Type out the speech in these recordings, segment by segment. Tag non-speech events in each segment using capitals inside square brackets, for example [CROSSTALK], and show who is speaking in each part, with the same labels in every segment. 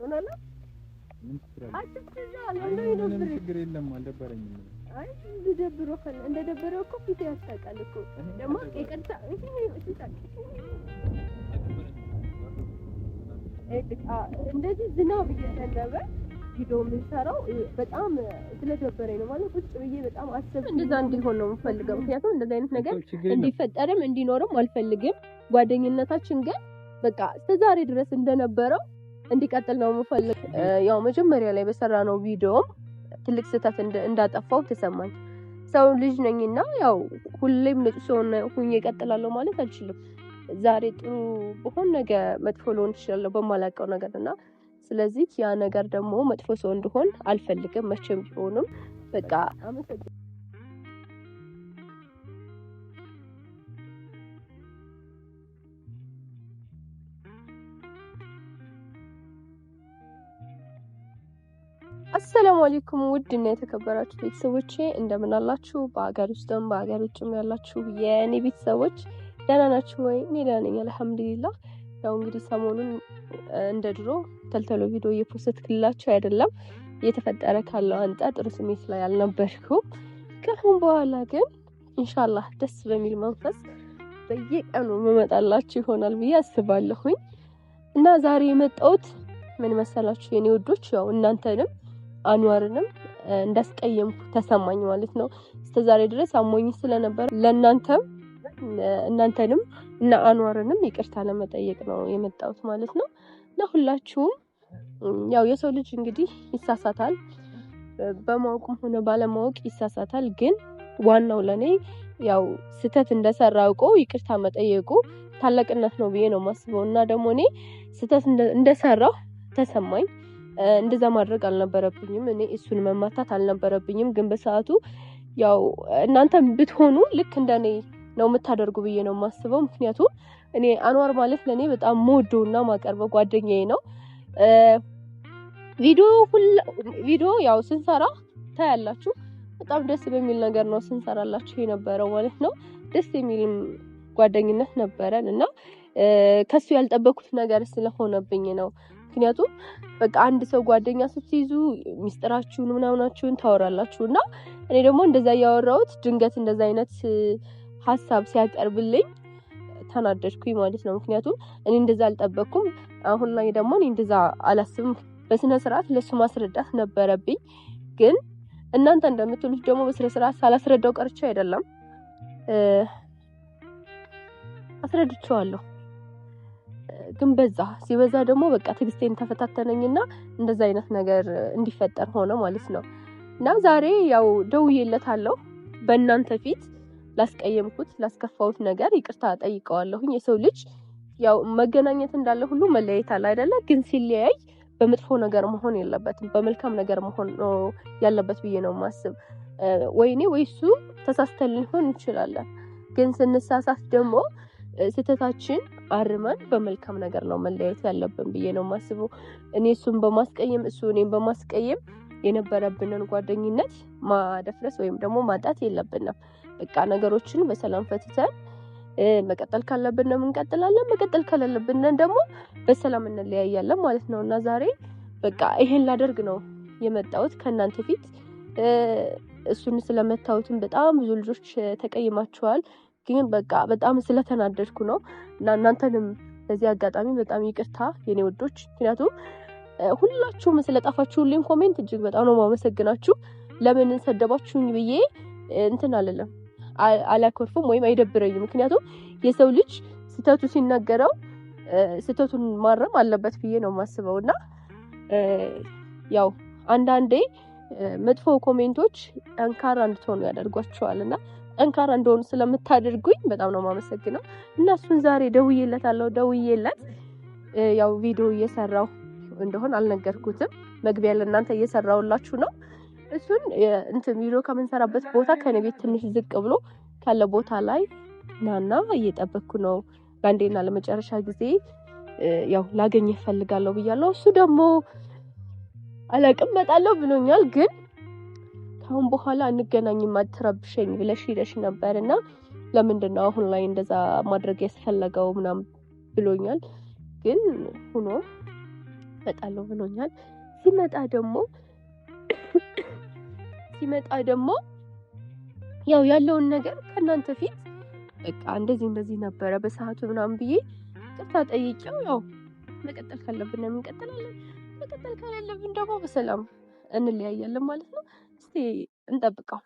Speaker 1: ምን
Speaker 2: ምንም
Speaker 3: ችግር የለም አልደበረኝም።
Speaker 1: አይ እንደደብሮ እንደደበረው እኮ ፊት ያስታውቃል እኮ ደግሞ ይቅርታ እንደዚህ ዝናብ እየዘነበ ቪዲዮ የምንሰራው በጣም ስለደበረኝ ነው ማለት ቁጭ ብዬ በጣም አሰብ እንደዛ እንዲሆን ነው የምፈልገው። ምክንያቱም እንደዚህ አይነት ነገር እንዲፈጠርም እንዲኖርም አልፈልግም። ጓደኝነታችን ግን በቃ እስከ ዛሬ ድረስ እንደነበረው እንዲቀጥል ነው የምፈልግ። ያው መጀመሪያ ላይ በሰራ ነው ቪዲዮም ትልቅ ስህተት እንዳጠፋው ተሰማኝ። ሰው ልጅ ነኝና ያው ሁሌም ንጹህ ሰውን ሁኜ እቀጥላለሁ ማለት አልችልም። ዛሬ ጥሩ ብሆን ነገ መጥፎ ልሆን ትችላለሁ በማላውቀው ነገር እና ስለዚህ ያ ነገር ደግሞ መጥፎ ሰው እንድሆን አልፈልግም መቼም ቢሆንም በቃ አሰላሙ አሌይኩም ውድ እና የተከበራችሁ ቤተሰቦቼ እንደምን አላችሁ? በሀገር ውስጥም በሀገር ውጭም ያላችሁ የእኔ ቤተሰቦች ደህና ናችሁ ወይ? እኔ ደህና ነኝ አልሐምዱሊላ። ያው እንግዲህ ሰሞኑን እንደ ድሮ ተልተሎ ቪዲዮ እየፖስት ክልላችሁ አይደለም እየተፈጠረ ካለው አንጻር ጥሩ ስሜት ላይ አልነበርኩም። ከአሁን በኋላ ግን ኢንሻላህ ደስ በሚል መንፈስ በየቀኑ መመጣላችሁ ይሆናል ብዬ አስባለሁኝ እና ዛሬ የመጣሁት ምን መሰላችሁ የኔ ውዶች ያው እናንተንም አንዋርንም እንዳስቀየምኩ ተሰማኝ ማለት ነው። እስከዛሬ ድረስ አሞኝ ስለነበር ለእናንተም እናንተንም እና አንዋርንም ይቅርታ ለመጠየቅ ነው የመጣሁት ማለት ነው። እና ሁላችሁም ያው የሰው ልጅ እንግዲህ ይሳሳታል፣ በማወቁም ሆነ ባለማወቅ ይሳሳታል። ግን ዋናው ለእኔ ያው ስህተት እንደሰራ አውቆ ይቅርታ መጠየቁ ታላቅነት ነው ብዬ ነው የማስበው። እና ደግሞ እኔ ስህተት እንደሰራሁ ተሰማኝ። እንደዛ ማድረግ አልነበረብኝም። እኔ እሱን መማታት አልነበረብኝም። ግን በሰዓቱ ያው እናንተ ብትሆኑ ልክ እንደኔ ነው የምታደርጉ ብዬ ነው የማስበው። ምክንያቱም እኔ አንዋር ማለት ለእኔ በጣም መወደው እና ማቀርበው ጓደኛዬ ነው። ቪዲዮ ያው ስንሰራ ታያላችሁ። በጣም ደስ በሚል ነገር ነው ስንሰራላችሁ የነበረው ማለት ነው። ደስ የሚልም ጓደኝነት ነበረን እና ከሱ ያልጠበኩት ነገር ስለሆነብኝ ነው ምክንያቱም በቃ አንድ ሰው ጓደኛ ስትይዙ ሚስጥራችሁን ምናምናችሁን ታወራላችሁ እና እኔ ደግሞ እንደዛ እያወራሁት ድንገት እንደዛ አይነት ሀሳብ ሲያቀርብልኝ ተናደድኩኝ ማለት ነው። ምክንያቱም እኔ እንደዛ አልጠበቅኩም። አሁን ላይ ደግሞ እኔ እንደዛ አላስብም። በስነ ስርዓት ለሱ ማስረዳት ነበረብኝ። ግን እናንተ እንደምትሉት ደግሞ በስነ ስርዓት ሳላስረዳው ቀርቼ አይደለም፣ አስረድቼዋለሁ። ግን በዛ ሲበዛ ደግሞ በቃ ትግስቴን ተፈታተነኝና እንደዛ አይነት ነገር እንዲፈጠር ሆነ ማለት ነው። እና ዛሬ ያው ደውዬለታለሁ በእናንተ ፊት ላስቀየምኩት ላስከፋሁት ነገር ይቅርታ ጠይቀዋለሁኝ። የሰው ልጅ ያው መገናኘት እንዳለ ሁሉ መለያየት አለ አይደለ? ግን ሲለያይ በመጥፎ ነገር መሆን የለበትም በመልካም ነገር መሆን ያለበት ብዬ ነው ማስብ። ወይኔ ወይ እሱ ተሳስተን ሊሆን እንችላለን። ግን ስንሳሳት ደግሞ ስህተታችን አርመን በመልካም ነገር ነው መለያየት ያለብን ብዬ ነው የማስበው። እኔ እሱን በማስቀየም እሱ እኔም በማስቀየም የነበረብንን ጓደኝነት ማደፍረስ ወይም ደግሞ ማጣት የለብንም። በቃ ነገሮችን በሰላም ፈትተን መቀጠል ካለብን እንቀጥላለን፣ መቀጠል ካላለብን ደግሞ በሰላም እንለያያለን ማለት ነው እና ዛሬ በቃ ይሄን ላደርግ ነው የመጣሁት ከእናንተ ፊት። እሱን ስለመታወትም በጣም ብዙ ልጆች ተቀይማችኋል። ግን በቃ በጣም ስለተናደድኩ ነው እና እናንተንም በዚህ አጋጣሚ በጣም ይቅርታ የኔ ወዶች። ምክንያቱም ሁላችሁም ሁሌም ኮሜንት እጅግ በጣም ነው ማመሰግናችሁ። ለምን ሰደባችሁኝ ብዬ እንትን አለለም አላኮርፍም ወይም አይደብረኝም። ምክንያቱም የሰው ልጅ ስህተቱ ሲነገረው ስህተቱን ማረም አለበት ብዬ ነው የማስበው እና ያው አንዳንዴ መጥፎ ኮሜንቶች ጠንካራ እንድትሆኑ ያደርጓቸዋል እና ጠንካራ እንደሆኑ ስለምታደርጉኝ በጣም ነው የማመሰግነው። እና እሱን ዛሬ ደውዬለታለሁ። ደውዬለት ያው ቪዲዮ እየሰራሁ እንደሆን አልነገርኩትም። መግቢያ ለእናንተ እየሰራሁላችሁ ነው። እሱን እንትን ቪዲዮ ከምንሰራበት ቦታ ከእኔ ቤት ትንሽ ዝቅ ብሎ ካለ ቦታ ላይ ናና እየጠበቅኩ ነው ለአንዴና ለመጨረሻ ጊዜ ያው ላገኝ እፈልጋለሁ ብያለሁ። እሱ ደግሞ አላቅም እመጣለሁ ብሎኛል ግን ካሁን በኋላ እንገናኝም አትረብሸኝ ብለሽ ሄደሽ ነበር እና ለምንድን ነው አሁን ላይ እንደዛ ማድረግ ያስፈለገው ምናምን ብሎኛል። ግን ሆኖ እመጣለሁ ብሎኛል። ሲመጣ ደግሞ [COUGHS] ሲመጣ ደግሞ ያው ያለውን ነገር ከእናንተ ፊት በቃ እንደዚህ እንደዚህ ነበረ በሰዓቱ ምናምን ብዬ ቅርታ ጠይቄው ያው መቀጠል ካለብን ነው መቀጠል ካላለብን ደግሞ በሰላም እንለያያለን ማለት ነው። እንጠብቀው።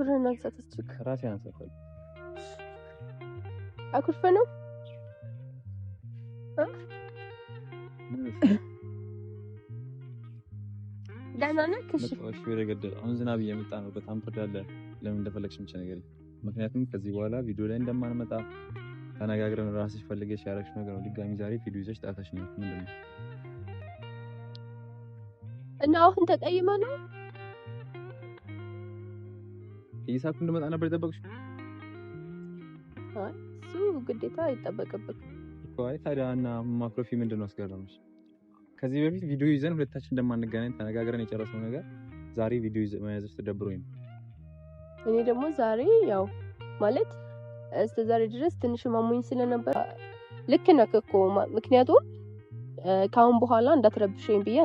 Speaker 1: ፀጉርህን አንሳት።
Speaker 3: እስኪ ራሴ አንሳት።
Speaker 1: አኩርፈ ነው ደህና ነህ?
Speaker 3: ወደ ገደል አሁን ዝናብ
Speaker 1: እየመጣ ነው። በጣም ትወዳለ። ለምን እንደፈለግሽ ምች
Speaker 3: ነገር ምክንያቱም ከዚህ በኋላ
Speaker 1: ቪዲዮ ላይ እንደማንመጣ ተነጋግረን ራስሽ ፈልገሽ
Speaker 3: ያደረግሽ ነገር ነው። ድጋሚ
Speaker 1: ዛሬ ቪዲዮ ይዘሽ ጣታሽ ነው ምንድነው? እና አሁን ተቀይመ ነው
Speaker 3: እየሳኩ እንደመጣ ነበር የጠበቅሽ?
Speaker 1: እሱ ግዴታ ይጠበቅብህ
Speaker 3: ታዲያ እና ማክሮፊ ምንድን ነው አስገረመሽ? ከዚህ በፊት ቪዲዮ ይዘን ሁለታችን እንደማንገናኝ ተነጋግረን የጨረሰው ነገር ዛሬ ቪዲዮ መያዘች ተደብሮኝ ነው።
Speaker 1: እኔ ደግሞ ዛሬ ያው ማለት እስከ ዛሬ ድረስ ትንሽ ማሙኝ ስለነበር ልክ ነህ እኮ ምክንያቱም ከአሁን በኋላ እንዳትረብሸኝ ብዬ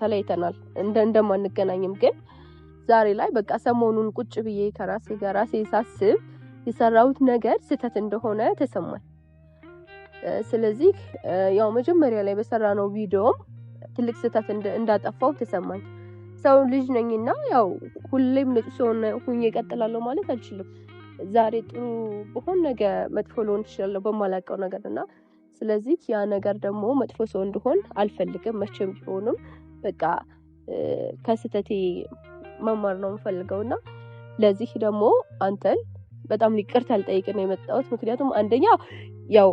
Speaker 1: ተለይተናል እንደማንገናኝም ግን ዛሬ ላይ በቃ ሰሞኑን ቁጭ ብዬ ከራሴ ጋር ራሴ ሳስብ የሰራሁት ነገር ስህተት እንደሆነ ተሰማኝ። ስለዚህ ያው መጀመሪያ ላይ በሰራነው ቪዲዮም ትልቅ ስህተት እንዳጠፋው ተሰማኝ። ሰው ልጅ ነኝና ያው ሁሌም ንጹህ ሰው ሁኜ እቀጥላለሁ ማለት አልችልም። ዛሬ ጥሩ ብሆን ነገ መጥፎ ልሆን ትችላለሁ በማላውቀው ነገር እና ስለዚህ ያ ነገር ደግሞ መጥፎ ሰው እንድሆን አልፈልግም መቼም ቢሆንም በቃ ከስህተቴ መማር ነው የምፈልገው እና ለዚህ ደግሞ አንተን በጣም ይቅርታ ልጠይቅ ነው የመጣሁት። ምክንያቱም አንደኛ ያው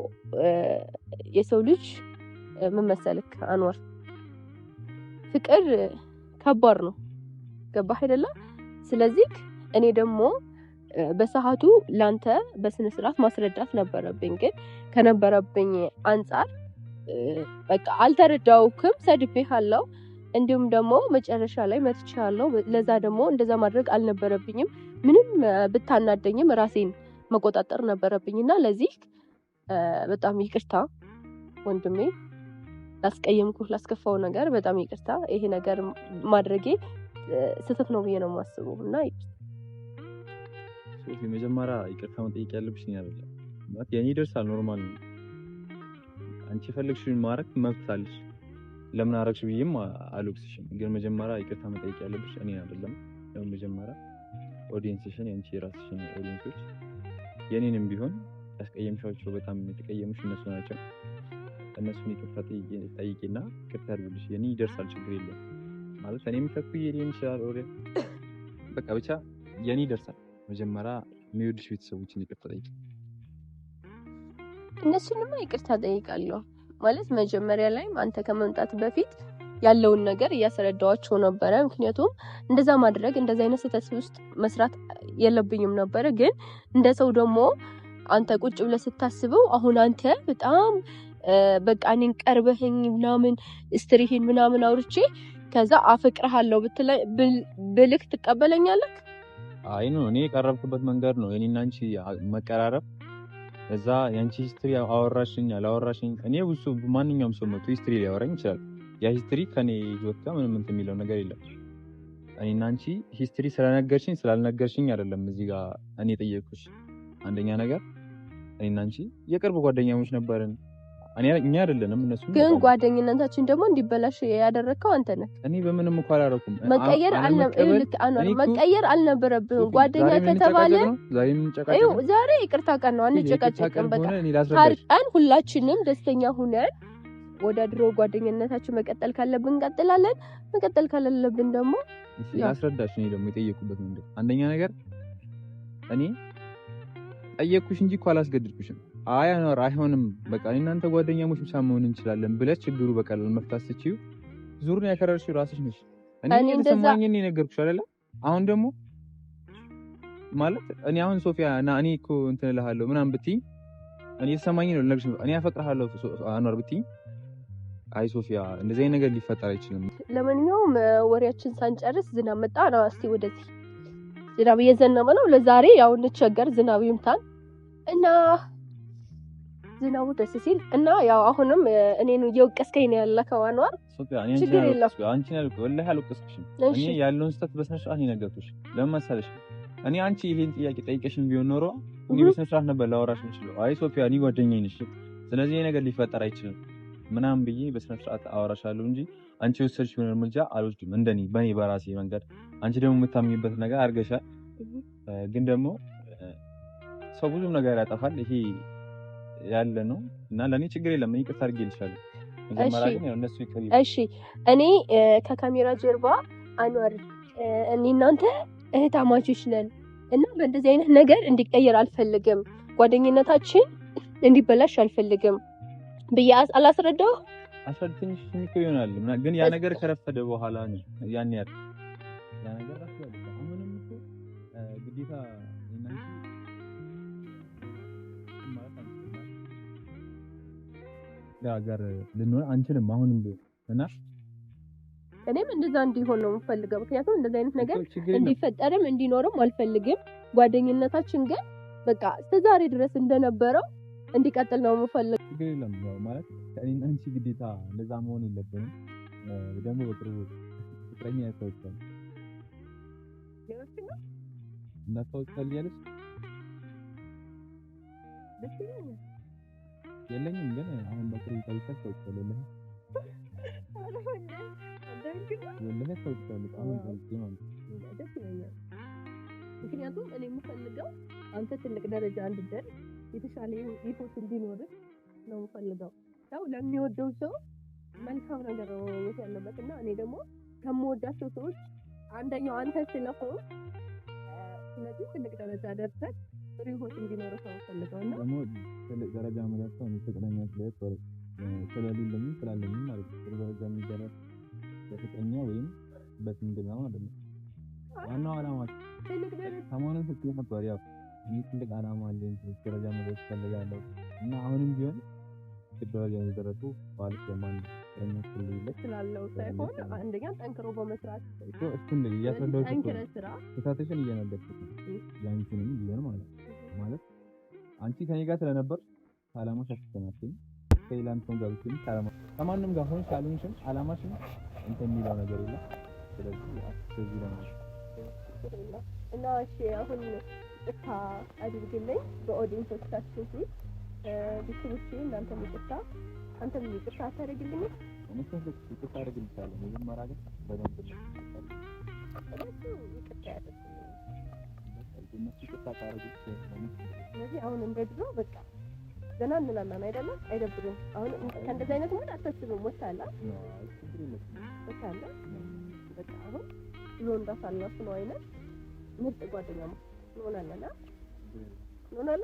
Speaker 1: የሰው ልጅ ምን መሰልክ አንዋር ፍቅር ከባድ ነው፣ ገባህ አይደለ? ስለዚህ እኔ ደግሞ በሰዓቱ ላንተ በስነስርዓት ማስረዳት ነበረብኝ፣ ግን ከነበረብኝ አንጻር በቃ አልተረዳውክም፣ ሰድቤህ አለው እንዲሁም ደግሞ መጨረሻ ላይ መትቻለሁ። ለዛ ደግሞ እንደዛ ማድረግ አልነበረብኝም። ምንም ብታናደኝም ራሴን መቆጣጠር ነበረብኝ እና ለዚህ በጣም ይቅርታ ወንድሜ፣ ላስቀየምኩ ላስከፋው ነገር በጣም ይቅርታ። ይሄ ነገር ማድረጌ ስህተት ነው ብዬ ነው የማስበው እና
Speaker 3: መጀመሪያ ይቅርታ መጠየቅ ያለብሽ አይደለም፣ የኔ ደርሳል። ኖርማል አንቺ የፈለግሽውን ማድረግ መብት አለሽ። ለምን አረግሽ ብዬም አልወቅስሽም፣ ግን መጀመሪያ ይቅርታ መጠየቅ ያለብሽ እኔ አይደለም። መጀመሪያ ኦዲየንስሽን የአንቺ የራስሽን ኦዲየንሶች የኔንም ቢሆን ያስቀየምሻቸው በጣም የተቀየምሽ እነሱ ናቸው። እነሱን ይቅርታ ጠይቄና ቅርታ ያድርግልሽ። የኔ ይደርሳል፣ ችግር የለም ማለት እኔ ተኩዬ ሊሆን ይችላል። ኦዲ በቃ ብቻ የኔ ይደርሳል። መጀመሪያ የሚወድሽ ቤተሰቦችን ይቅርታ ጠይቂ።
Speaker 1: እነሱንማ ይቅርታ ጠይቃለሁ ማለት መጀመሪያ ላይ አንተ ከመምጣት በፊት ያለውን ነገር እያስረዳዋቸው ነበረ። ምክንያቱም እንደዛ ማድረግ እንደዚ አይነት ስህተት ውስጥ መስራት የለብኝም ነበረ። ግን እንደ ሰው ደግሞ አንተ ቁጭ ብለህ ስታስበው አሁን አንተ በጣም በቃ እኔን ቀርበህኝ ምናምን እስትሪህን ምናምን አውርቼ ከዛ አፈቅርሃለሁ ብልክ ትቀበለኛለህ?
Speaker 3: አይ ነው እኔ የቀረብኩበት መንገድ ነው የኔና አንቺ መቀራረብ እዛ የአንቺ ሂስትሪ አወራሽኝ አላወራሽኝ፣ እኔ ብሱ ማንኛውም ሰው መቶ ሂስትሪ ሊያወራኝ ይችላል። ያ ሂስትሪ ከኔ ህይወት ጋር ምንም እንትን የሚለው ነገር የለም። እኔና አንቺ ሂስትሪ ስለነገርሽኝ ስላልነገርሽኝ አይደለም እዚህ ጋር እኔ ጠየቅኩሽ። አንደኛ ነገር እኔና አንቺ የቅርብ ጓደኛሞች ነበርን። እኛ አይደለንም እነሱ።
Speaker 1: ግን ጓደኝነታችን ደግሞ እንዲበላሽ ያደረግከው አንተ ነህ።
Speaker 3: እኔ በምንም እኮ አላደረኩም።
Speaker 1: መቀየር አልነበረብህም። ጓደኛ ከተባለ ዛሬ ይቅርታ ቀን ነው፣ አንጨቃጨቅም። በቃ ቀን ሁላችንም ደስተኛ ሁነን ወደ ድሮ ጓደኝነታችን መቀጠል ካለብን እንቀጥላለን፣ መቀጠል ካለለብን ደግሞ
Speaker 3: አስረዳሽ። እኔ ደግሞ የጠየኩበት አንደኛ ነገር እኔ ጠየቅኩሽ እንጂ እኮ አላስገድድኩሽም። አይ አይሆንም፣ በቃ እናንተ ጓደኛሞች ብቻ መሆን እንችላለን ብለሽ ችግሩ በቀላሉ መፍታት ስትችይው ዙሩን ያከረርሽው ራስሽ ነሽ። እኔ የተሰማኝ እኔ ነገርኩሽ አይደለ? አሁን ደግሞ ማለት እኔ አሁን ሶፊያ እና እኔ እኮ እንትን እልሃለሁ ምናምን ብትይኝ እኔ የተሰማኝ ነው ልነግርሽ። እኔ አፈቅርሃለሁ አኗር ብትይኝ አይ ሶፊያ እንደዚህ አይነት ነገር ሊፈጠር አይችልም።
Speaker 1: ለማንኛውም ወሬያችን ሳንጨርስ ዝናብ መጣ ነው። እስኪ ወደዚህ ዝናብ እየዘነበ ነው። ለዛሬ ያው እንቸገር፣ ዝናብ ይምታን እና ዝናቡ ደስ ሲል እና ያው አሁንም እኔን እየወቀስከኝ ነው ያለከው አኗር
Speaker 3: ችግር የለም ያለውን ስህተት በስነ ነገርኩሽ የነገርኩሽ። ለምን መሰለሽ እኔ አንቺ ይሄን ጥያቄ ጠይቀሽን ቢሆን ኖሮ እኔ በስነ ነበር ላወራሽ የምችለው። አይ ሶፊያ፣ እኔ ጓደኛዬ ነሽ፣ ስለዚህ ይሄ ነገር ሊፈጠር አይችልም ምናምን ብዬ በስነ ስርዓት አወራሻለሁ እንጂ አንቺ የወሰድሽውን እርምጃ አልወስድም። እንደኔ በእኔ በራሴ መንገድ አንቺ ደግሞ የምታምኝበት ነገር አድርገሻል። ግን ደግሞ ሰው ብዙም ነገር ያጠፋል ይሄ ያለ ነው እና ለእኔ ችግር የለም። እኔ ይቅርታ አድርጌ ልሻለሁ።
Speaker 1: እሺ እኔ ከካሜራ ጀርባ አኗር እኔ እናንተ እህታማቾች ነን እና በእንደዚህ አይነት ነገር እንዲቀየር አልፈልግም። ጓደኝነታችን እንዲበላሽ አልፈልግም ብዬ አላስረዳሁ።
Speaker 3: አስረድተኝ ምክር ይሆናል ግን ያ ነገር ከረፈደ በኋላ ያን ያ ነገር ግዴታ ሀገር ልንሆን አንችልም። አሁንም እና
Speaker 1: እኔም እንደዛ እንዲሆን ነው የምፈልገው። ምክንያቱም እንደዚ አይነት ነገር እንዲፈጠርም እንዲኖርም አልፈልግም። ጓደኝነታችን ግን በቃ እስከዛሬ ድረስ እንደነበረው እንዲቀጥል ነው የምፈልግ።
Speaker 3: ችግር የለም ማለት ከእኔም አንቺ ግዴታ እንደዛ መሆን የለብንም። ደግሞ በቅርቡ ፍቅረኛ ያስታወቅታል እናስታወቅታል ያለች የለኝም ግን አሁን በቅርብ ጠልቀት ሰውቻለ ለ የምልህ ሰውቻለ አሁን ጠልቄ
Speaker 1: ማለት ምክንያቱም እኔ የምፈልገው አንተ ትልቅ ደረጃ እንድደርስ የተሻለ ኢፎት እንዲኖር ነው የምፈልገው። ያው ለሚወደው ሰው መልካም ነገር መወኘት ያለበት እና እኔ ደግሞ ከምወዳቸው ሰዎች አንደኛው አንተ ስለሆን ስለዚህ ትልቅ ደረጃ ደርሰህ ደረጃ
Speaker 3: ስለሌለኝ ስላለኝ ማለት ነው። ደረጃ የሚደረስ በፍቅረኛ ወይም ማለት ነው። ዋናው ዓላማ ሰሞኑን ነበር ያው ትልቅ አለኝ ደረጃ መድረስ እና አሁንም ቢሆን ደረጃ የሚደረሱ
Speaker 1: ስላለው ሳይሆን አንደኛ ጠንክሮ በመስራት
Speaker 3: እሱን እያስረዳሁት ስራ ስህተትሽን ያንቺንም ቢሆን ማለት ነው ማለት አንቺ ከኔ ጋር ስለነበር አላማሽ አስተናችን ከኢላንቶን ጋር ብትሆን ከማንም ጋር ሆንሽ አልሆንሽም አላማሽም እንትን የሚለው ነገር የለም። ስለዚህ አስተዚህ ነው
Speaker 1: እና እሺ፣ አሁን ይቅርታ አድርግልኝ በኦዲየንሶቻችሁ ፊት ቢስቡቺ፣ እናንተም ይቅርታ አንተም ይቅርታ አታደርግልኝ።
Speaker 3: ምክንያቱ ይቅርታ አድርግልቻለሁ መጀመሪያ ግን በደንብ
Speaker 1: ይቅርታ ያደርግልኝ
Speaker 3: እነሱ ቁጣ ካረጉት
Speaker 1: ስለዚህ አሁን እንደ ድሮ በቃ ዘና እንላለን አይደለም፣ አይደብርም። አሁን ከእንደዚህ አይነት ሞድ አታስብም። ወታላ ወታላ በቃ አሁን ድሮ እንዳሳለፍ ነው አይነት ምርጥ ጓደኛ እንሆናለና እንሆናለ።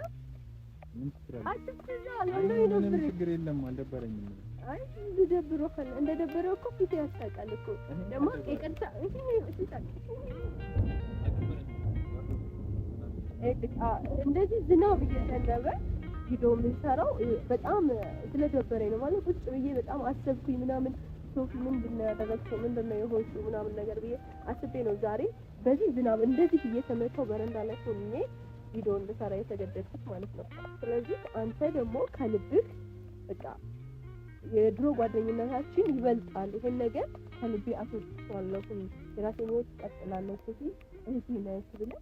Speaker 3: ችግር የለም አልደበረኝም።
Speaker 1: አይ እንደደብረው እንደደበረው እኮ ፊት ያስታውቃል እኮ ደግሞ ይቅርታ እንደዚህ ዝናብ እየዘነበ ቪዲዮ የምንሰራው በጣም ስለደበረኝ ነው ማለት ቁጭ ብዬ በጣም አሰብኩኝ ምናምን ሶፊ ምንድን ነው ያደረግሽው? ምንድን ነው የሆንሽው? ምናምን ነገር ብዬ አስቤ ነው ዛሬ በዚህ ዝናብ እንደዚህ እየተመታው በረንዳ ላይ ሆኜ ቪዲዮ እንድሰራ የተገደድኩት ማለት ነው። ስለዚህ አንተ ደግሞ ከልብህ በቃ የድሮ ጓደኝነታችን ይበልጣል። ይሄን ነገር ከልቤ አስወጥቼዋለሁ። የራሴን ሕይወት እቀጥላለሁ። ሶፊ እህቴ ነች ብለህ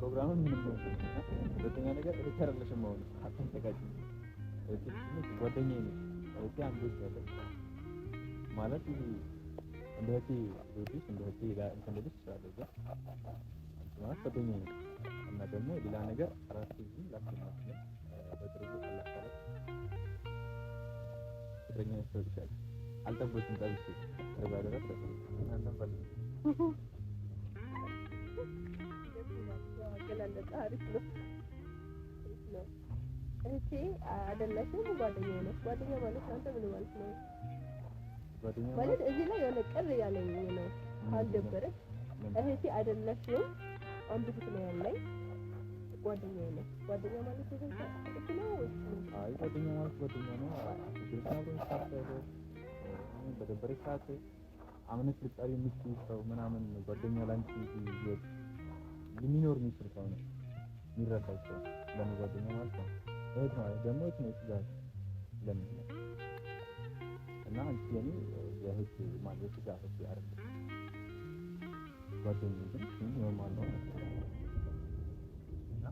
Speaker 1: ፕሮግራም ምንም ሁለተኛ ነገር ልትሰራለሽም አሁን አትንጠቃቂ ጓደኛዬ ነች ማለት እንደ እህቴ ልወድሽ እንደ እህቴ ልልሽ እችላለሁ። ማለት ጓደኛዬ ነች እና ደግሞ ሌላ ነገር አራት ጊዜ ነው ነው እህቴ አይደለሽም። ጓደኛ ነሽ። ጓደኛ ማለት አንተ ምን ማለት ነው? ጓደኛ ማለት እዚህ ላይ የሆነ ቅር ያለኝ ነው አልደበረሽ። እህቴ አይደለሽም፣ አንብት ነው ያለኝ። ጓደኛ ጓደኛ ማለት ነው ወይስ? አይ ጓደኛ ማለት ጓደኛ ነው። በደበረሽ ሰዓት አምነሽ ልትጠሪ የምትችይው ሰው ምናምን ጓደኛ ላንቺ ይወድ የሚኖር ሚስጥር ሰው ነው የሚረሳቸው ለምን ጓደኛ ማለት ነው። እህት ማለት ደግሞ እህት ነው ስጋት ለምን ነው እና አንቺ የኔ የእህት ማለት የስጋ እህት አይደለም። ጓደኛ ግን ሲም ኖርማል ነው እና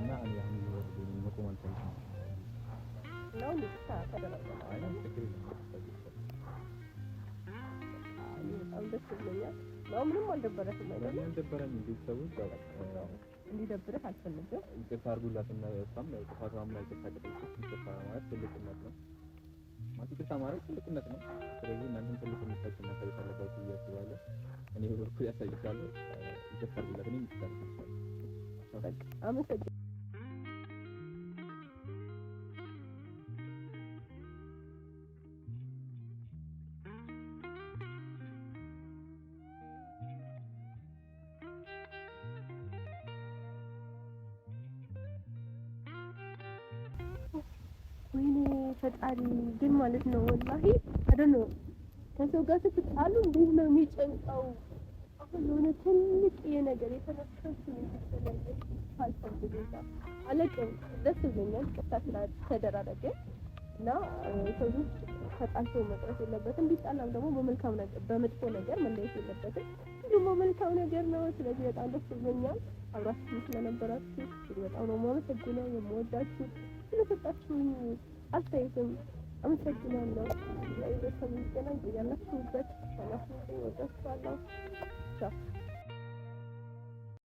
Speaker 1: እና እኔ አሁን መቆም አልፈልግም ነው ልታ ተደረገ አይደል ትክክል ነው ደስ ብሎኛል። ያው ምንም አልደበረሽም አይደለም? አልደበረም። ቤተሰቦች እንዲደብርህ አልፈልግም። ይቅርታ አድርጉላትና እሷም ጥፋቷም ላይ ይቅርታ ቀጠለች። ይቅርታ ማለት ትልቅነት ነው ማለት ማለት ትልቅነት ነው። ስለዚህ እናንተም ትልቅ የሚታች ማሳየት አለባችሁ ብዬ አስባለሁ። እኔ በበኩል ያሳይቻለሁ። ይቅርታ አድርጉላት። እኔም ይቅርታ አመሰግ ማለት ነው። ወላሂ አደነ ከሰው ጋር ስትጣሉ እንዴት ነው የሚጨንቀው? አሁን የሆነ ትልቅ የነገር የተነሳሽ የሚሰለኝ አልፈልግም። አለቅም ደስ ብሎኛል። ቅርታ ስለተደራረገ እና ሰዎች ተጣልቶ መቅረት የለበትም። ቢጣላም ደግሞ በመልካም ነገር በመጥፎ ነገር መለየት የለበትም። ደግሞ መልካም ነገር ነው። ስለዚህ በጣም ደስ ብሎኛል አብራችሁ ስለነበራችሁ በጣም ነው የማመሰግነው። የምወዳችሁ ስለሰጣችሁኝ አስተያየትም አመሰግናለሁ። ቤተሰብ ይገናኝ ያላችሁበት ሸላሁ ወዳችኋለሁ።